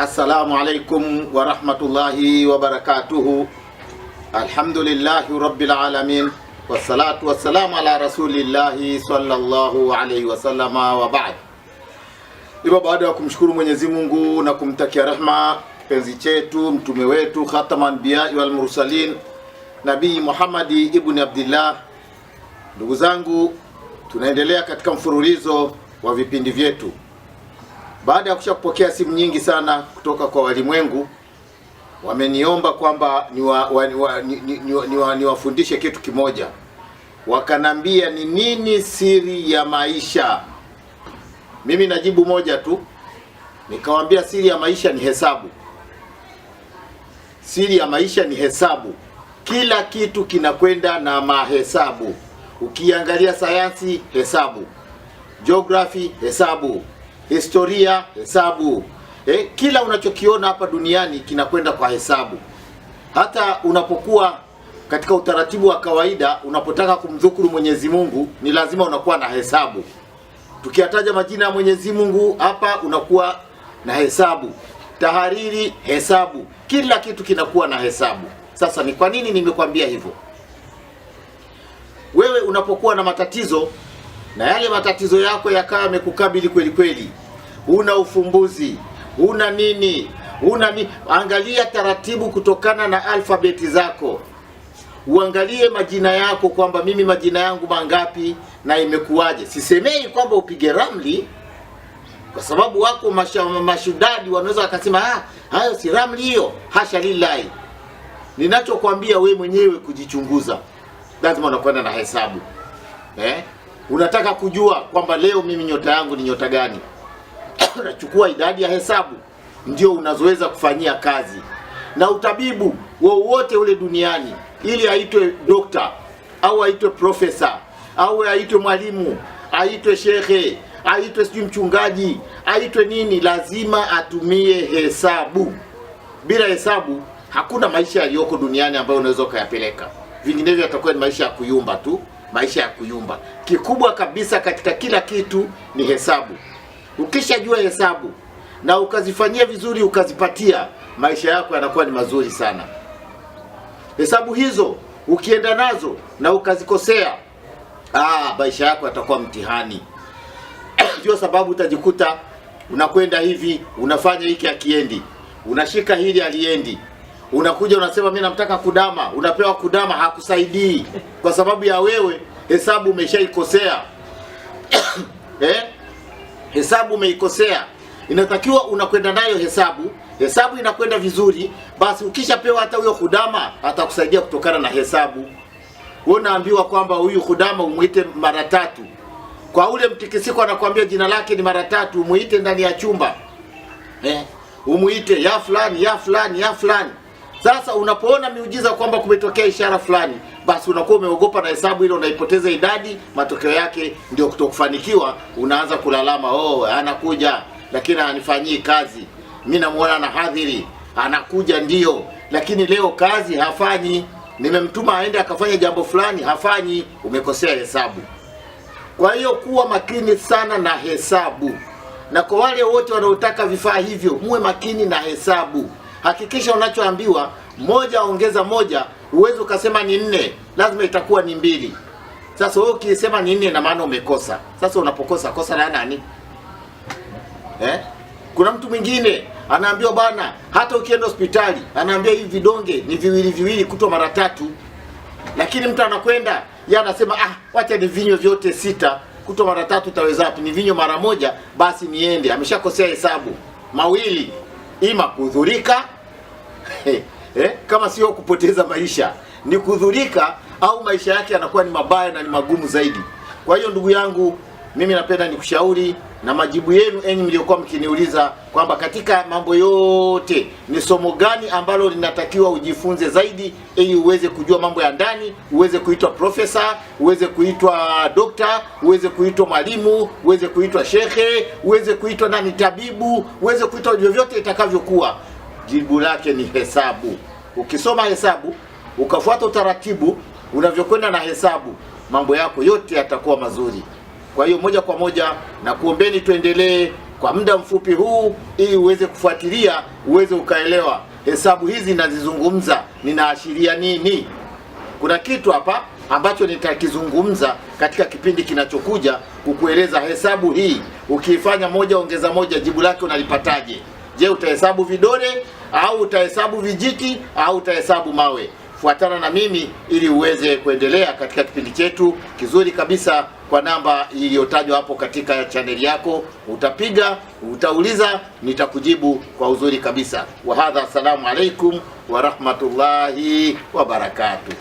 Assalamu alaikum wa rahmatullahi wa barakatuhu. Alhamdulillahi rabbil alamin wassalatu wassalamu ala rasulillahi sallallahu alaihi wasallama wa baad. Hivyo baada ya kumshukuru Mwenyezi Mungu na kumtakia rahma penzi chetu mtume wetu khatama anbiyai wal mursalin Nabii Muhammadi ibni Abdillah, ndugu zangu, tunaendelea katika mfululizo wa vipindi vyetu baada ya kusha kupokea simu nyingi sana kutoka kwa walimwengu, wameniomba kwamba niwafundishe kitu kimoja, wakanambia ni nini siri ya maisha. Mimi najibu moja tu, nikawambia siri ya maisha ni hesabu. Siri ya maisha ni hesabu. Kila kitu kinakwenda na mahesabu. Ukiangalia sayansi, hesabu; geography, hesabu historia, hesabu eh, kila unachokiona hapa duniani kinakwenda kwa hesabu. Hata unapokuwa katika utaratibu wa kawaida, unapotaka kumdhukuru Mwenyezi Mungu ni lazima unakuwa na hesabu. Tukiataja majina ya Mwenyezi Mungu hapa, unakuwa na hesabu, tahariri, hesabu, kila kitu kinakuwa na hesabu. Sasa ni kwa nini nimekwambia hivyo? Wewe unapokuwa na matatizo na yale matatizo yako yakawa yamekukabili kweli kweli, una ufumbuzi, una nini, una ni... angalia taratibu kutokana na alfabeti zako, uangalie majina yako kwamba mimi majina yangu mangapi na imekuwaje. Sisemei kwamba upige ramli kwa sababu wako masha, mashudadi wanaweza wakasema ah, hayo si ramli hiyo. Hasha lillahi, ninachokwambia we mwenyewe kujichunguza, lazima unakwenda na hesabu eh? Unataka kujua kwamba leo mimi nyota yangu ni nyota gani? Unachukua idadi ya hesabu, ndio unazoweza kufanyia kazi. Na utabibu wowote ule duniani, ili aitwe dokta au aitwe profesa au aitwe mwalimu, aitwe shekhe, aitwe sijui mchungaji, aitwe nini, lazima atumie hesabu. Bila hesabu hakuna maisha yaliyoko duniani ambayo unaweza ukayapeleka, vinginevyo atakuwa ni maisha ya kuyumba tu maisha ya kuyumba. Kikubwa kabisa katika kila kitu ni hesabu. Ukishajua hesabu na ukazifanyia vizuri, ukazipatia, maisha yako yanakuwa ni mazuri sana. Hesabu hizo ukienda nazo na ukazikosea, ah, maisha yako yatakuwa mtihani. Ndio sababu utajikuta unakwenda hivi, unafanya hiki, akiendi, unashika hili, aliendi unakuja unasema mi namtaka Kudama, unapewa Kudama, hakusaidii kwa sababu ya wewe hesabu umeshaikosea. Eh, hesabu umeikosea, inatakiwa unakwenda nayo hesabu, hesabu inakwenda vizuri, basi ukishapewa hata huyo Kudama atakusaidia kutokana na hesabu. Wewe unaambiwa kwamba huyu Kudama umwite mara tatu kwa ule mtikisiko, anakuambia jina lake ni mara tatu, umuite ndani ya chumba eh, umuite ya fulani ya fulani ya fulani sasa unapoona miujiza kwamba kumetokea ishara fulani, basi unakuwa umeogopa na hesabu ile, unaipoteza idadi. Matokeo yake ndio kutokufanikiwa, unaanza kulalama, oh, anakuja lakini anifanyii kazi, mi namuona na hadhiri, anakuja ndio, lakini leo kazi hafanyi, nimemtuma aende akafanya jambo fulani, hafanyi. Umekosea hesabu. Kwa hiyo kuwa makini sana na hesabu, na kwa wale wote wanaotaka vifaa hivyo, muwe makini na hesabu hakikisha unachoambiwa moja ongeza moja, uwezi ukasema ni nne, lazima itakuwa ni mbili. Sasa wewe ukisema ni nne, na maana umekosa. Sasa unapokosa kosa la nani eh? Kuna mtu mwingine anaambiwa bwana, hata ukienda hospitali anaambia hivi vidonge ni viwili viwili kutwa mara tatu, lakini mtu anakwenda yeye anasema ah, wacha ni vinywe vyote sita kutwa mara tatu, utaweza wapi? Ni vinywe mara moja basi niende, ameshakosea hesabu mawili ima kudhurika eh, kama sio kupoteza maisha ni kudhurika, au maisha yake yanakuwa ni mabaya na ni magumu zaidi. Kwa hiyo ndugu yangu, mimi napenda nikushauri na majibu yenu enyi mliokuwa mkiniuliza kwamba katika mambo yote ni somo gani ambalo linatakiwa ujifunze zaidi ili uweze kujua mambo ya ndani, uweze kuitwa profesa, uweze kuitwa dokta, uweze kuitwa mwalimu, uweze kuitwa shekhe, uweze kuitwa nani, tabibu, uweze kuitwa vyovyote itakavyokuwa, jibu lake ni hesabu. Ukisoma hesabu ukafuata utaratibu unavyokwenda na hesabu, mambo yako yote yatakuwa mazuri. Kwa hiyo moja kwa moja na kuombeni tuendelee kwa muda mfupi huu, ili uweze kufuatilia, uweze ukaelewa hesabu hizi nazizungumza ninaashiria nini. Kuna kitu hapa ambacho nitakizungumza katika kipindi kinachokuja kukueleza hesabu hii, ukiifanya moja ongeza moja, jibu lake unalipataje? Je, utahesabu vidole au utahesabu vijiti au utahesabu mawe? Fuatana na mimi ili uweze kuendelea katika kipindi chetu kizuri kabisa kwa namba iliyotajwa hapo katika chaneli yako, utapiga utauliza, nitakujibu kwa uzuri kabisa. Wahadha, assalamu alaikum warahmatullahi wabarakatuh.